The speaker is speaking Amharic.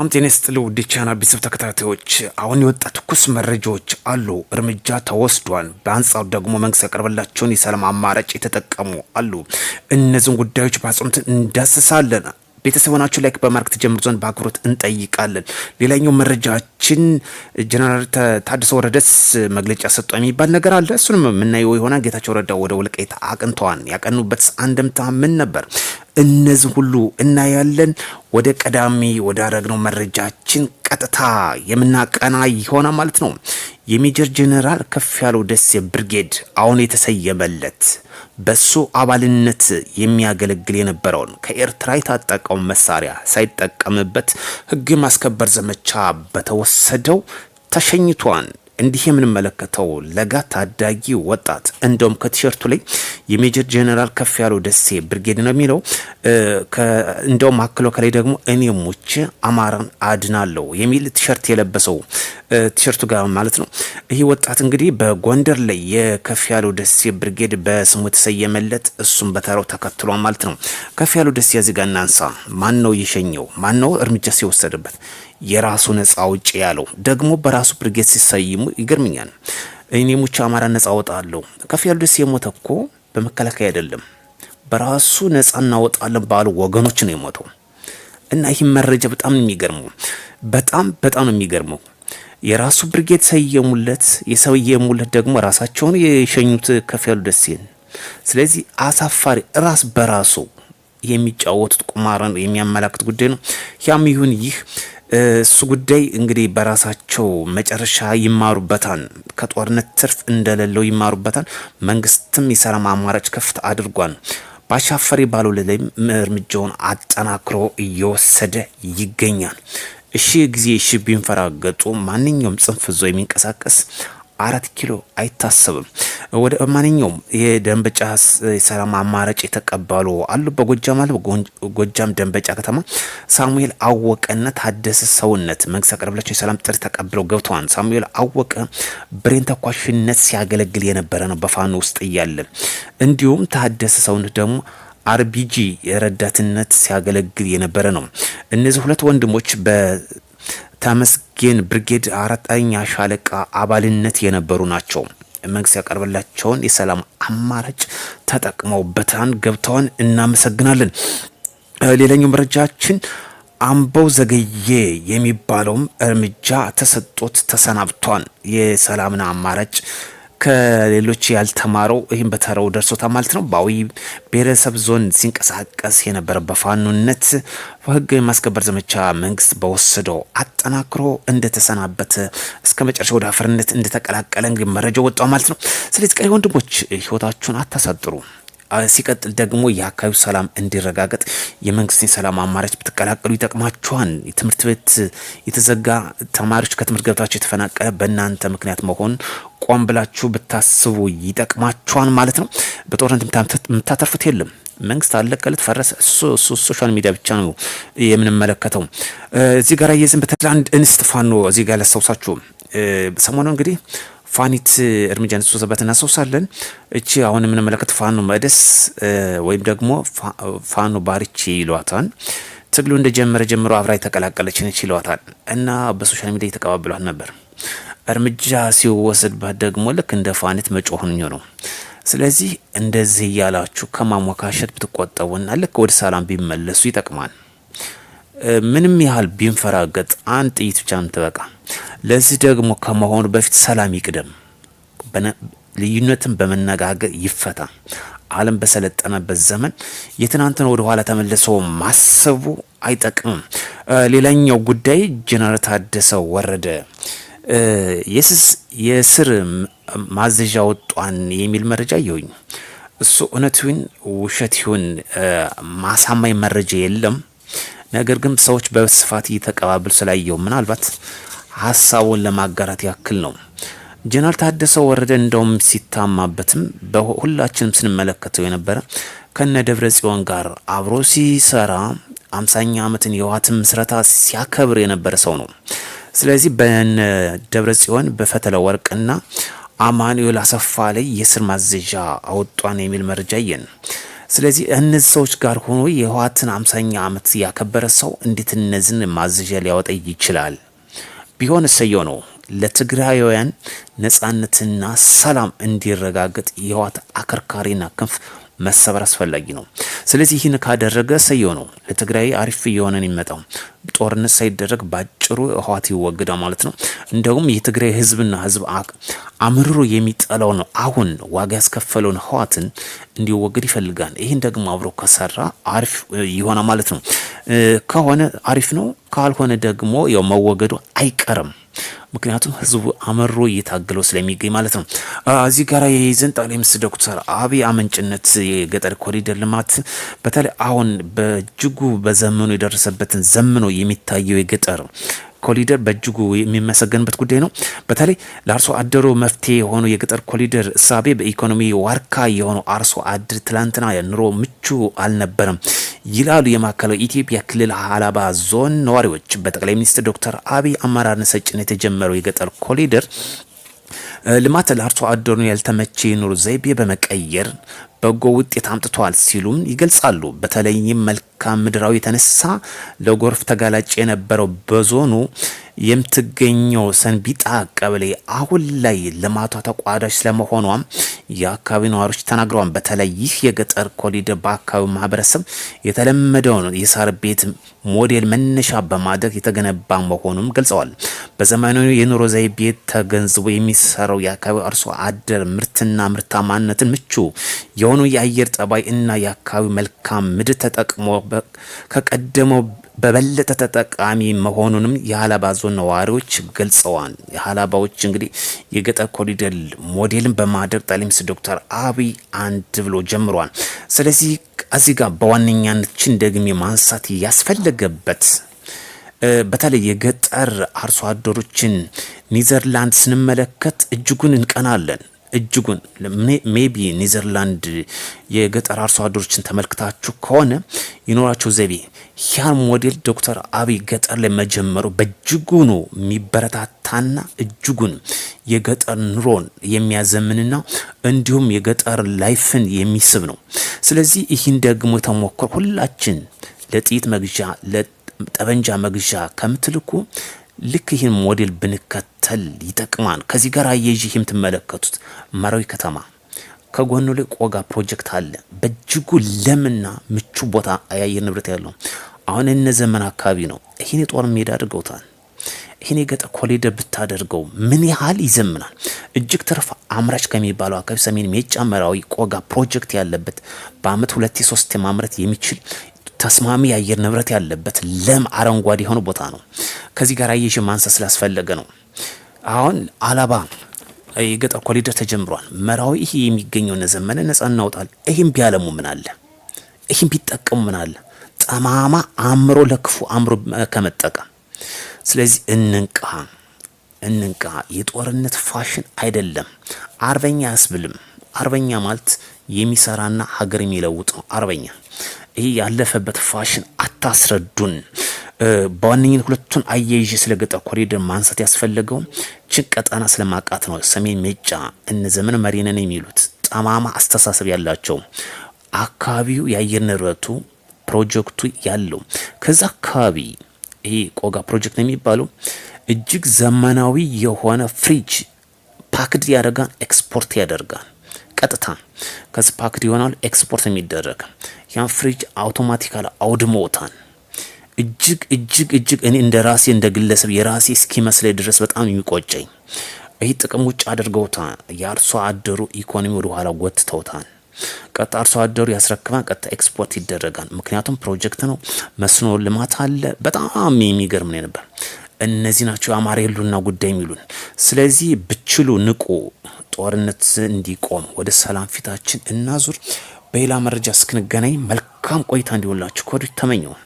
በጣም ጤና ይስጥልኝ ውድ የቻናል ቤተሰብ ተከታታዮች፣ አሁን የወጣ ትኩስ መረጃዎች አሉ። እርምጃ ተወስዷል። በአንጻሩ ደግሞ መንግስት ያቀርበላቸውን የሰላም አማራጭ የተጠቀሙ አሉ። እነዚህን ጉዳዮች በአጽንኦት እንዳስሳለን። ቤተሰቦናችሁ ላይክ በማድረግ ትጀምሩ ዘንድ በአክብሮት እንጠይቃለን። ሌላኛው መረጃችን ጀነራል ታደሰ ወረደስ መግለጫ ሰጡ የሚባል ነገር አለ። እሱንም የምናየው የሆነ ጌታቸው ረዳ ወደ ወልቃይት አቅንተዋል። ያቀኑበት አንድምታ ምን ነበር? እነዚህ ሁሉ እናያለን። ወደ ቀዳሚ ወዳረግነው መረጃችን ቀጥታ የምናቀና ይሆና ማለት ነው። የሜጀር ጄኔራል ያለው ደሴ ብርጌድ አሁን የተሰየመለት በሱ አባልነት የሚያገለግል የነበረውን ከኤርትራ የታጠቀውን መሳሪያ ሳይጠቀምበት ሕግ የማስከበር ዘመቻ በተወሰደው ተሸኝቷል። እንዲህ የምንመለከተው ለጋ ታዳጊ ወጣት እንደውም ከቲሸርቱ ላይ የሜጀር ጀነራል ከፍ ያለው ደሴ ብርጌድ ነው የሚለው። እንደውም አክሎ ከላይ ደግሞ እኔ ሙቼ አማራን አድናለሁ የሚል ቲሸርት የለበሰው ቲሸርቱ ጋር ማለት ነው። ይህ ወጣት እንግዲህ በጎንደር ላይ የከፍ ያለው ደሴ ብርጌድ በስሙ የተሰየመለት እሱም በተራው ተከትሏል ማለት ነው። ከፍ ያለው ደሴ ያዚጋ እናንሳ። ማን ነው የሸኘው? ማን ነው እርምጃ ሲወሰድበት የራሱ ነጻ አውጪ ያለው ደግሞ በራሱ ብርጌድ ሲሰይሙ ይገርምኛል። እኔ ሙቻ አማራ ነጻ አወጣለሁ ከፍ ያሉት የሞተ እኮ በመከላከያ አይደለም በራሱ ነጻ እናወጣለን ባሉ ወገኖች ነው የሞተው። እና ይህም መረጃ በጣም ነው የሚገርመው። በጣም በጣም ነው የሚገርመው። የራሱ ብርጌድ ሰየሙለት። የሰየሙለት ደግሞ ራሳቸውን የሸኙት ከፍ ያሉ ደሴን። ስለዚህ አሳፋሪ ራስ በራሱ የሚጫወቱት ቁማርን የሚያመላክት ጉዳይ ነው። ያም ይሁን ይህ እሱ ጉዳይ እንግዲህ በራሳቸው መጨረሻ ይማሩበታል። ከጦርነት ትርፍ እንደሌለው ይማሩበታል። መንግስትም የሰላም አማራጭ ክፍት አድርጓል። በአሻፈሪ ባለው ላይም እርምጃውን አጠናክሮ እየወሰደ ይገኛል። እሺ ጊዜ እሺ ቢንፈራገጡ ማንኛውም ጽንፍ ዞ የሚንቀሳቀስ አራት ኪሎ አይታሰብም። ወደ ማንኛውም የደንበጫ ሰላም አማራጭ የተቀበሉ አሉ። በጎጃም አለ ጎጃም ደንበጫ ከተማ ሳሙኤል አወቀና ታደሰ ሰውነት መንግስት አቀረብላቸው የሰላም ጥሪ ተቀብለው ገብተዋል። ሳሙኤል አወቀ ብሬን ተኳሽነት ሲያገለግል የነበረ ነው በፋኖ ውስጥ እያለ እንዲሁም ታደሰ ሰውነት ደግሞ አርቢጂ ረዳትነት ሲያገለግል የነበረ ነው። እነዚህ ሁለት ወንድሞች በ ተመስገን ብርጌድ አራተኛ ሻለቃ አባልነት የነበሩ ናቸው። መንግስት ያቀርበላቸውን የሰላም አማራጭ በታን ገብተዋን እናመሰግናለን። ሌላኛው መረጃችን አምባው ዘገየ የሚባለውም እርምጃ ተሰጦት ተሰናብቷል። የሰላምን አማራጭ ከሌሎች ያልተማረው ይህም በተራው ደርሶታ ማለት ነው። በአዊ ብሔረሰብ ዞን ሲንቀሳቀስ የነበረ በፋኖነት በህግ የማስከበር ዘመቻ መንግስት በወሰደው አጠናክሮ እንደተሰናበተ እስከ መጨረሻ ወደ አፈርነት እንደተቀላቀለ እንግዲህ መረጃው ወጣው ማለት ነው። ስለዚህ ቀሪ ወንድሞች ህይወታችሁን አታሳጥሩ። ሲቀጥል ደግሞ የአካባቢው ሰላም እንዲረጋገጥ የመንግስትን ሰላም አማራጭ ብትቀላቀሉ ይጠቅማችኋል። ትምህርት ቤት የተዘጋ ተማሪዎች ከትምህርት ገብታቸው የተፈናቀለ በእናንተ ምክንያት መሆን ቆም ብላችሁ ብታስቡ ይጠቅማችኋል ማለት ነው። በጦርነት የምታተርፉት የለም። መንግስት አለቀለት ፈረሰ። ሶሻል ሚዲያ ብቻ ነው የምንመለከተው። እዚህ ጋር የዝም በተላንድ እንስጥፋን ነው እዚህ ጋር ለሰውሳችሁ ሰሞኑ እንግዲህ ፋኒት እርምጃ እንድትወሰበት እናስወሳለን። እቺ አሁን የምንመለከት ፋኖ መደስ ወይም ደግሞ ፋኖ ባሪቺ ይሏታል። ትግሉ እንደጀመረ ጀምሮ አብራ የተቀላቀለች ነች ይሏታል እና በሶሻል ሚዲያ የተቀባበሏት ነበር። እርምጃ ሲወሰድባት ደግሞ ልክ እንደ ፋኒት መጮሁን ነው። ስለዚህ እንደዚህ እያላችሁ ከማሞካሸት ብትቆጠቡና ልክ ወደ ሰላም ቢመለሱ ይጠቅማል። ምንም ያህል ቢንፈራገጥ አንድ ጥይት ብቻ ምትበቃ ለዚህ ደግሞ ከመሆኑ በፊት ሰላም ይቅደም። ልዩነትን በመነጋገር ይፈታ። ዓለም በሰለጠነበት ዘመን የትናንትን ወደ ኋላ ተመልሶ ማሰቡ አይጠቅምም። ሌላኛው ጉዳይ ጀነራል ታደሰ ወረደ የስር ማዘዣ ወጧን የሚል መረጃ የውኝ እሱ እውነት ይሁን ውሸት ይሁን ማሳማኝ መረጃ የለም። ነገር ግን ሰዎች በስፋት እየተቀባበሉ ስላየው ምናልባት ሀሳቡን ለማጋራት ያክል ነው። ጀነራል ታደሰ ወረደ እንደውም ሲታማበትም በሁላችንም ስንመለከተው የነበረ ከነ ደብረ ጽዮን ጋር አብሮ ሲሰራ አምሳኛ ዓመትን የህወሓትን ምስረታ ሲያከብር የነበረ ሰው ነው። ስለዚህ በነ ደብረ ጽዮን በፈተለ ወርቅና አማኑኤል አሰፋ ላይ የስር ማዘዣ አወጧን የሚል መረጃ የን። ስለዚህ እነዚህ ሰዎች ጋር ሆኖ የህወሓትን አምሳኛ ዓመት ያከበረ ሰው እንዴት እነዚህን ማዘዣ ሊያወጣ ይችላል? ቢሆን እሰየው ነው። ለትግራዋውያን ነጻነትና ሰላም እንዲረጋገጥ የህወሓት አከርካሪና ክንፍ መሰበር አስፈላጊ ነው። ስለዚህ ይህን ካደረገ ሰየው ነው። ለትግራይ አሪፍ እየሆነን ይመጣው ጦርነት ሳይደረግ ባጭሩ ህወሓት ይወግዳ ማለት ነው። እንደውም የትግራይ ህዝብና ህዝብ አምርሮ የሚጠላው ነው አሁን ዋጋ ያስከፈለውን ህወሓትን እንዲወግድ ይፈልጋል። ይህን ደግሞ አብሮ ከሰራ አሪፍ ይሆናል ማለት ነው። ከሆነ አሪፍ ነው፣ ካልሆነ ደግሞ ያው መወገዱ አይቀርም። ምክንያቱም ህዝቡ አመሮ እየታገለው ስለሚገኝ ማለት ነው። እዚህ ጋር የይዘን ጠቅላይ ሚኒስትር ዶክተር አብይ አመንጭነት የገጠር ኮሪደር ልማት በተለይ አሁን በእጅጉ በዘመኑ የደረሰበትን ዘምኖ የሚታየው የገጠር ኮሊደር በእጅጉ የሚመሰገንበት ጉዳይ ነው። በተለይ ለአርሶ አደሩ መፍትሄ የሆኑ የገጠር ኮሊደር እሳቤ በኢኮኖሚ ዋርካ የሆኑ አርሶ አድር ትላንትና ኑሮ ምቹ አልነበረም ይላሉ የማዕከላዊ ኢትዮጵያ ክልል ሀላባ ዞን ነዋሪዎች። በጠቅላይ ሚኒስትር ዶክተር አብይ አመራር ሰጭነት የተጀመረው የገጠር ኮሊደር ልማት ለአርሶ አደሩ ያልተመቼ የኑሮ ዘይቤ በመቀየር በጎ ውጤት አምጥቷል ሲሉም ይገልጻሉ። በተለይም መልካም ምድራዊ የተነሳ ለጎርፍ ተጋላጭ የነበረው በዞኑ የምትገኘው ሰንቢጣ ቀበሌ አሁን ላይ ልማቷ ተቋዳሽ ስለመሆኗም የአካባቢ ነዋሪዎች ተናግረዋል። በተለይ ይህ የገጠር ኮሊደር በአካባቢው ማህበረሰብ የተለመደውን የሳር ቤት ሞዴል መነሻ በማድረግ የተገነባ መሆኑም ገልጸዋል። በዘመናዊ የኑሮ ዘይቤ ተገንዝቦ የሚሰራው የአካባቢ አርሶ አደር ምርትና ምርታማነትን ምቹ የሆኑ የአየር ጠባይ እና የአካባቢ መልካም ምድር ተጠቅሞ ከቀደመው በበለጠ ተጠቃሚ መሆኑንም የሀላባ ዞን ነዋሪዎች ገልጸዋል። የሀላባዎች እንግዲህ የገጠር ኮሪደር ሞዴልን በማድረግ ጠቅላይ ሚኒስትር ዶክተር አብይ አንድ ብሎ ጀምሯል። ስለዚህ እዚህ ጋር በዋነኛነት ችን ደግሜ ማንሳት ያስፈለገበት በተለይ የገጠር አርሶ አደሮችን ኒዘርላንድ ስንመለከት እጅጉን እንቀናለን። እጅጉን ሜቢ ኒዘርላንድ የገጠር አርሶ አደሮችን ተመልክታችሁ ከሆነ ይኖራቸው ዘይቤ ያን ሞዴል ዶክተር አብይ ገጠር ላይ መጀመሩ በእጅጉኑ የሚበረታታና እጅጉን የገጠር ኑሮን የሚያዘምንና እንዲሁም የገጠር ላይፍን የሚስብ ነው። ስለዚህ ይህን ደግሞ የተሞከር ሁላችን ለጥይት መግዣ ጠበንጃ መግዣ ከምትልኩ ልክ ይህን ሞዴል ብንከተል ይጠቅማል። ከዚህ ጋር አየዥ ትመለከቱት መራዊ ከተማ ከጎኑ ላይ ቆጋ ፕሮጀክት አለ። በእጅጉ ለምና ምቹ ቦታ አየር ንብረት ያለው አሁን እነ ዘመን አካባቢ ነው። ይህን የጦር ሜዳ አድርገውታል። ይህን የገጠር ኮሊደር ብታደርገው ምን ያህል ይዘምናል? እጅግ ትርፍ አምራች ከሚባለው አካባቢ ሰሜን ሜጫ መራዊ ቆጋ ፕሮጀክት ያለበት በአመት ሁለቴ ሶስት ማምረት የሚችል ተስማሚ የአየር ንብረት ያለበት ለም አረንጓዴ የሆነ ቦታ ነው። ከዚህ ጋር አየሽ ማንሳት ስላስፈለገ ነው። አሁን አላባ የገጠር ኮሪደር ተጀምሯል። መራዊ ይሄ የሚገኘው ነዘመነ ነጻ እናውጣል። ይህም ቢያለሙ ምን አለ? ይህም ቢጠቀሙ ምን አለ? ጠማማ አእምሮ ለክፉ አእምሮ ከመጠቀም ስለዚህ እንንቃ እንንቃ። የጦርነት ፋሽን አይደለም። አርበኛ አያስብልም። አርበኛ ማለት የሚሰራና ሀገር የሚለውጥ ነው። አርበኛ ይሄ ያለፈበት ፋሽን አታስረዱን። በዋነኝነት ሁለቱን አያይዤ ስለ ገጠር ኮሪደር ማንሳት ያስፈለገው ችን ቀጠና ስለማቃት ነው። ሰሜን ሜጫ እነ ዘመን መሪነን የሚሉት ጠማማ አስተሳሰብ ያላቸው አካባቢው የአየር ንብረቱ ፕሮጀክቱ ያለው ከዛ አካባቢ ይሄ ቆጋ ፕሮጀክት ነው የሚባለው እጅግ ዘመናዊ የሆነ ፍሪጅ ፓክድ ያደርጋል፣ ኤክስፖርት ያደርጋል። ቀጥታ ከስፓክድ ይሆናል ኤክስፖርት የሚደረግ ያን ፍሪጅ አውቶማቲካል አውድሞታል። እጅግ እጅግ እጅግ እኔ እንደ ራሴ እንደ ግለሰብ የራሴ እስኪመስለኝ ድረስ በጣም የሚቆጨኝ ይህ ጥቅም ውጭ አድርገውታል። የአርሶ አደሩ ኢኮኖሚ ወደ ኋላ ጎትተውታል። ቀጥታ አርሶ አደሩ ያስረክባል። ቀጥታ ኤክስፖርት ይደረጋል። ምክንያቱም ፕሮጀክት ነው፣ መስኖ ልማት አለ። በጣም የሚገርም ነው ነበር። እነዚህ ናቸው የአማራ የሉና ጉዳይ የሚሉን። ስለዚህ ችሉ ንቁ፣ ጦርነት እንዲቆም ወደ ሰላም ፊታችን እናዙር። በሌላ መረጃ እስክንገናኝ መልካም ቆይታ እንዲሆንላችሁ ከወዲሁ ተመኘው።